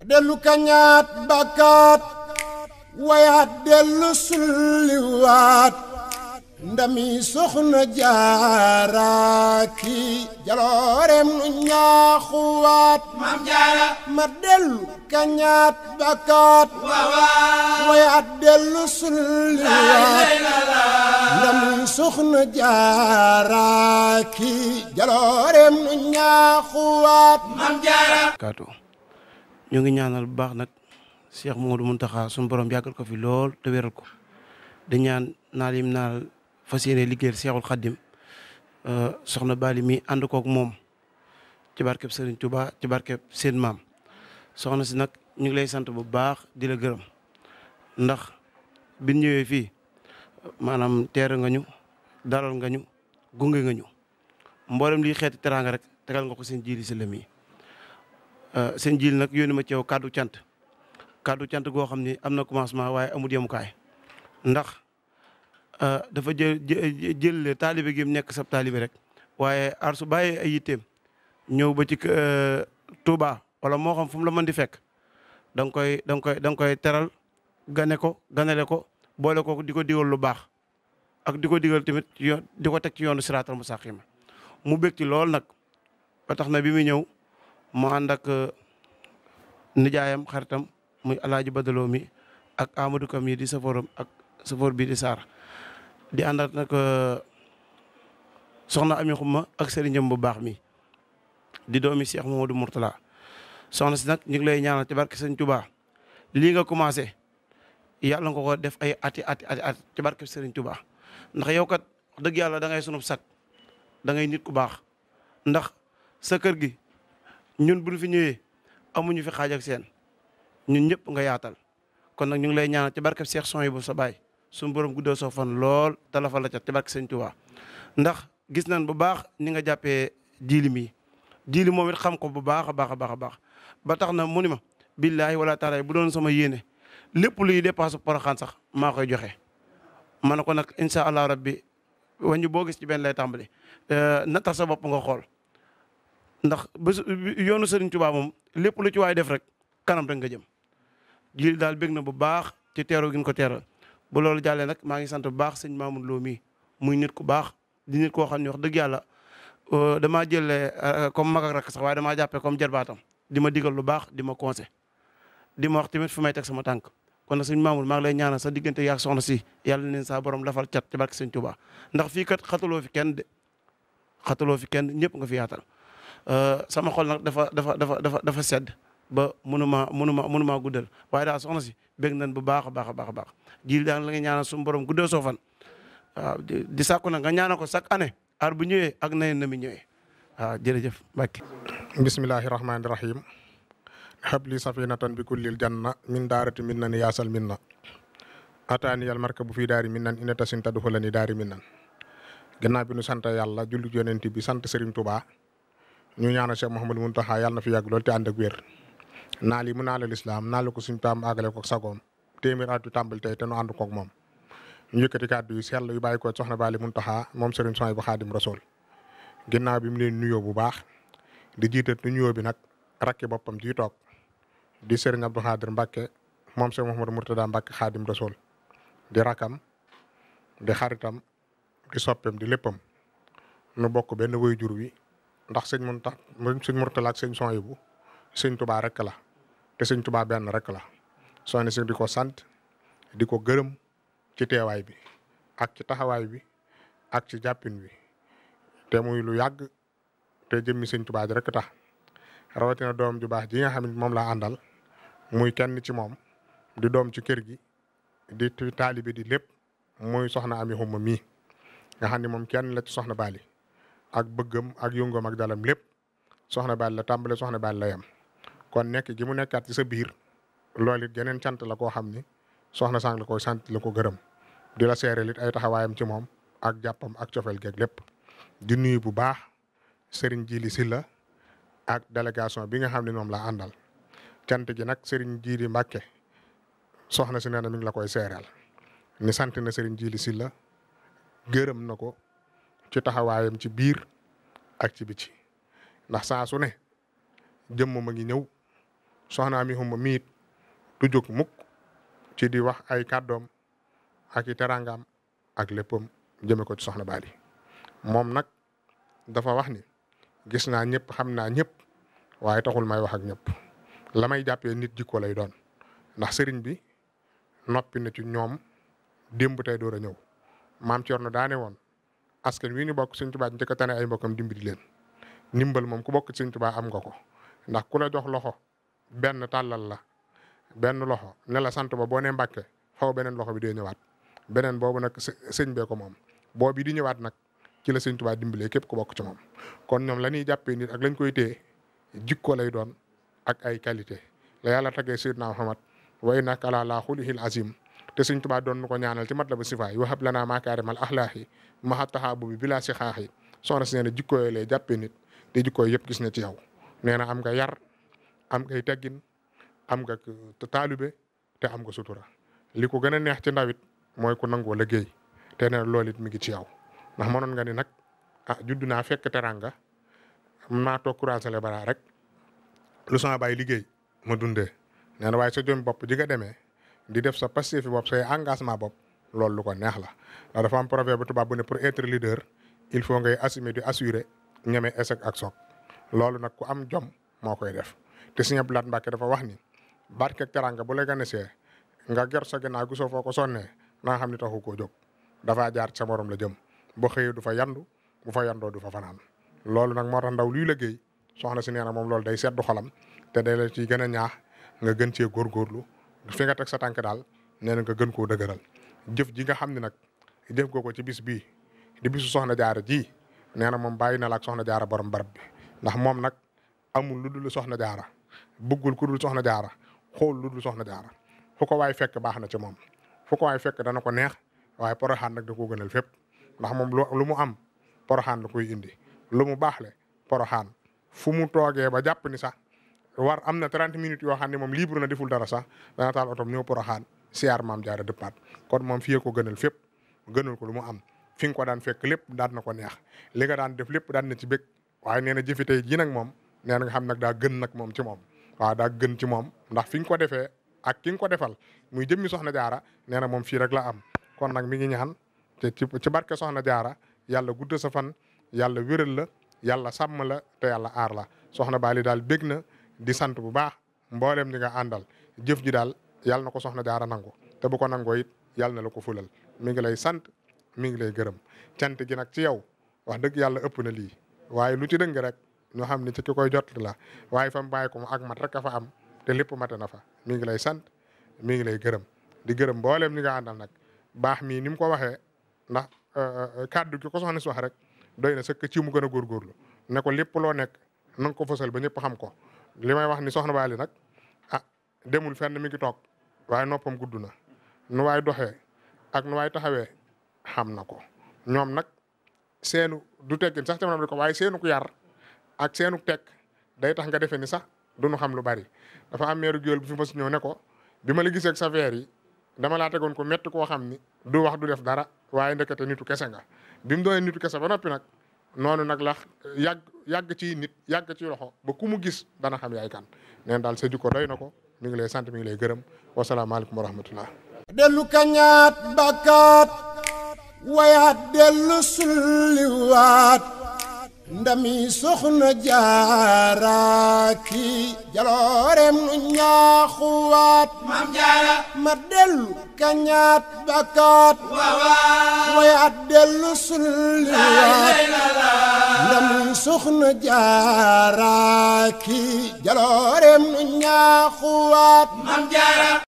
dellu kañaat bàkkaat wayaat dellu sulliwaat ndami soxna jaaraaki jaloorem nu ñaaxuwaat maam jaara ma dellu jaara ñoo ngi ñaanal bu baax nag Cheikh Modou taxa suñu borom yàggal ko fi lool te wéral ko di ñaan naal yim naal fas yéene liggéeyal Cheikhul Khadim euh, soxna Bali mi ànd koog moom ci barkeb Serigne Touba ci barkeb seen maam soxna si nag ñu ngi lay sant bu baax di la gërëm ndax biñ ñëwee fii maanaam teer nga ñu dalal nga ñu gunge nga ñu mboolem liy xeet teraanga rek tegal nga ko seen jiiri si la mi Euh, seen jiil nag yoonu ma ci yow kàddu cant kàddu cant goo xam ni am na commencement waaye amul kaay ndax euh, dafa jël jël taalibe gi nekk sab taalibe rek waaye ar su bàyyee ay yitteem ñëw ba ci euh, tuuba wala moo xam fu la mën di fekk da koy dang koy da nga koy teral gane ko ganale ko boole ko di ko digal lu baax ak di ko digal tamit di ko teg ci yoonu siraatal mu bég ci lool nag ba tax na bi muy ñëw. mu ànd ak uh, nijaayam xaritam muy alaaji badaloo mi ak amadou kam yi di saforam ak safor bi di saar di ànd ak nag uh, soxna ami xumma ak sëriñam bu baax mi di doomi Cheikh Mamadou Mourtala soxna si nag ñu ngi lay ñaanal ci barke sëñ Touba lii nga commencé yàlla nga ko def ay ati ati ati ci barke sëriñ Touba ndax yow kat dëgg yàlla da ngay sunub sag da ngay nit ku baax ndax sa kër gi ñun buñ fi ñëwee amuñu fi xaaj seen ñun ñëpp nga yaatal kon nag ñu ngi lay ñaanal ci barkeb Seex son yi bu sa baay suñu borom guddoo soo fan lool talafa la ca ci barke Sëñ Tuubaa ndax gis nañ bu baax ni nga jàppee jiili mi jiili moom it xam ko bu baax a baax a baax a baax ba tax na mu ni ma billaahi wala taalaay bu doon sama yéene lépp luy dépasse Poroxaan sax maa koy joxe ma ne ko nag incha allah rabbi wañu boo gis ci benn lay tàmbali euh, na tax sa bopp nga xool ndax ba yoonu Serigne Touba moom lépp lu ci waay def rek kanam rek nga jëm jil daal bég na bu baax ci teeroo gin ko teeral bu loolu jàllee nag maa ngi sant bu baax sëñ Mamoun Lo mii muy nit ku baax di nit koo xam ne wax dëgg yàlla euh, damaa jëlee euh, comme mag ak rakk sax waaye damaa jàppee comme jarbaatam di ma digal lu baax dima ma conseil di ma wax tamit fi may teg sama tànk kon nag sëñ Mamoun maa ngi lay ñaanal sa diggante yaak soxna si yàlla neen saa borom lafal cat ci barke sëñ Touba ndax fii kat xataloo fi kenn xataloo fi kenn ñëpp nga fi Euh, sama xol nag dafa dafa dafa dafa dafa sedd ba ma mënuma mënuma guddal waaye daal soxna si bég nañ bu baax a baax a baax a baax ji daal la nga suñu borom guddal soo fan waaw di sàkku nag nga ñaanal ko chaque année aar bu ñëwee ak nayen na mi ñëwee waaw jërëjëf Mbacke bismillahi rahmaani rahim habli safinatan bi kullil janna min daarati min nan yaasal min na ataani yal marka bu fii daari min nan ina tasin tadufa la ni daari min nan gannaaw bi nu sant yàlla julli yonent bi sant Serigne Touba ñu ñaanal Cheikh Mouhamadou Mountakha yàlla na fi yàgg lool te ànd ak wér naal yi mu naalal islaam naal ko suñu taam àggale ko sagoom téeméer at yu tàmbali tey te nu ànd koog moom. ñu yëkkati kàddu yu sell yu bàyyi ko soxna Bali Mountakha moom Serigne Sonia bu Xaadim Rasool ginnaaw bi mu leen nuyoo bu baax di jiite nu bi nag rakki boppam ji toog di Serigne Abdou Khadir moom Cheikh Mouhamadou Mourtada Mbacke Xaadim Rasool di rakam di xaritam di soppem di léppam nu bokk benn wëy jur wi ndax sëñ Muntaxa sëñ Murtala ak sëñ bu sëñ tubaa rek la te sëñ Tuubaa benn rek la soxna si di ko sant di ko gërëm ci teewaay bi ak ci taxawaay bi ak ci jàppin bi te muy lu yàgg te jëmmi sëñ Tuubaa ji rek tax rawatina doom ju baax ji nga xam ne moom laa àndal muy kenn ci moom di doom ci kër gi di taalibe di lépp muy soxna Ami Xuma mii nga xam ni moom kenn la ci soxna Bali ak bëggam ak yëngoom ak dalam lépp soxna baal la tàmbale soxna baal la yem kon nekk gi mu nekkaat ci sa biir loolu it geneen cant la koo xam ni soxna sang la koy sant la ko gërëm di la seereel it ay taxawaayam ci moom ak jàppam ak cofeel geeg lépp bu baax Serigne Djili Sylla ak délégation bi nga xam ne moom la àndal cant ji nag Serigne Djili Mbacke soxna si nee na la koy seereel ni sant na Serigne Djili Sylla gërëm na ko ci taxawaayam ci biir ak ci bici ndax saa su ne jëmm ma ngi ñëw soxnaa mi xumba miit du jóg mukk ci di wax ay kàddoom ak i teraangaam ak léppam jëme ko ci soxna Bali moom nag dafa wax ni gis naa ñëpp xam naa ñëpp waaye taxul may wax ak ñëpp la may jàppee nit jikko lay doon ndax sëriñ bi noppi na ci ñoom démb tey door a ñëw maam Thierno daane woon askan wi ñu bokk Sëñ Tuubaa njëkk a tane ay mbokkam dimbali leen ndimbal moom ku bokk Sëñ Tuubaa am nga ko ndax ku la jox loxo benn tàllal la benn loxo ne la sant ba boo nee Mbàkke faw benn loxo bi dee ñëwaat beneen boobu nag sëñ bee ko moom boobu di ñëwaat nag ci la Sëñ Tuubaa képp ku bokk ci moom kon ñoom la ñuy jàppee nit ak lañ koy téye jikko lay doon ak ay qualité la yàlla tagee Seydina Muhammad wa innaka laa xuliqil aziim te Sëriñ Tuubaa doon nu ko ñaanal ci mat la ba sifaay waxab lanaa makaarimal axlaaxi maxataxaa bu bi bilaa si xaax yi soxna si nee na jikkoo yooyu lay te jikkoo yëpp gis na ci yow nee na am nga yar am ngay teggin am nga taalibe te am nga sutura li ko gën a neex ci ndawit mooy ku nangoo liggéey te nee na loolu mi ngi ci yow ndax mënoon nga ni nag a ah, judd naa fekk teranga maa toog courage le bara rek lu sama bàyyi liggéey ma dundee nee na waaye sa jom bopp ji di def sa passif bopp say engagement bopp loolu lu ko neex la ndax dafa am ba tubaab bu ne pour être leader il faut ngay assumer du assurer ñeme échec ak soog loolu nag ku am jom moo koy def te Sëñ Abdou Lahad dafa wax ni barke ak teranga bu la see nga ger sa gu gisoo foo ko sonnee naa xam ni taxu ko jóg dafaa jaar sa la jëm boo xëyee du fa yandu bu fa yandoo du fa fanaan loolu nag moo tax ndaw luy liggéey soxna si nee na moom loolu day seddu xolam te day la ciy gën a nga gën cee góorgóorlu fi nga teg sa tànk daal neena na nga gën koo dëgëral jëf ji nga xam ne nag jëf goo ko ci bis bii di bisu soxna jaara jii nee na moom bàyyi na la soxna jaara borom barab bi ndax moom nag amul lu dul soxna jaara bëggul ku dul soxna jaara xool lu dul soxna jaara fu ko waay fekk baax na ci moom fu ko waay fekk dana ko neex waaye poroxaan nag da koo gënal fépp ndax moom lu mu am poroxaan la koy indi lu mu baax le poroxaan fu mu toogee ba jàpp ni sax war am na 30 minutes yoo xam ne moom libre na deful dara sax dana taal otom ñëw Porokhane aar maam jaara dëppaat kon moom fiyee ko gënal fépp gënal ko lu mu am fi nga ko daan fekk lépp daan na ko neex li nga daan def lépp daan na ci bëgg waaye nee na jëfi tey nag moom nee na nga xam nag daa gën nag moom ci moom waaw daa gën ci moom ndax fi ko defee ak ki nga ko defal muy jëmmi soxna jaara nee na moom fii rek la am kon nag mi ngi ñaan te ci barke soxna jaara yàlla gudd sa fan yàlla wéral la yàlla sàmm la yàlla aar la soxna Bally daal bég na di sant bu baax mboolem ñi nga àndal jëf ji daal yàlla na ko soxna jaara nangu te bu ko nangoo it yàlla na la ko fulal mi ngi lay sant mi ngi lay gërëm cant gi nag ci yow wax dëgg yàlla ëpp na lii waaye lu ci dëng rek ñu xam ni ci ki koy jot la waaye fa mu bàyyi ko mu ak mat rek a fa am te lépp mate na fa mi ngi lay sant mi ngi lay gërëm di gërëm mbooleem ñi nga àndal nag baax mii ni mu ko waxee ndax euh, euh, kàddu gi ko soxna si wax rek doy na sëkk ci mu gën a góorgóorlu ne ko lépp loo nekk na ko fësal ba ñëpp xam ko li may wax ni soxna Bally nag ah demul fenn mi ngi toog waaye noppam gudd na nu waay doxe ak nu waay taxawe xam na ko ñoom nag seenu du teggin sax jamono bi ko waaye seenu ku yar ak seenu tekk day tax nga defee ni sax du nu xam lu bari dafa am meeru géwél bu fi mos ñëw ne ko bi ma la gisee ak yi dama laa tegoon ko métti koo xam ni du wax du def dara waaye ndekete nitu kese nga bi mu nitu kese ba noppi nag noonu nag la yàgg yàgg ci nit yàgg ci loxo ba ku mu gis dana xam yaay kan neen daal sa ko doy na ko mi ngi lay sant mi ngi lay gërëm wasalaamaaleykum wa rahmatullah dellu kañaat bakkaat wayaat dellu sulliwaat ndam soxna jaaraaki jaloorem nu ñaaxuwaat mam jaara ma dellu kañaat bakaat waawaa wayaat dellu sulliwaat ndami soxna nu ñaaxuwaat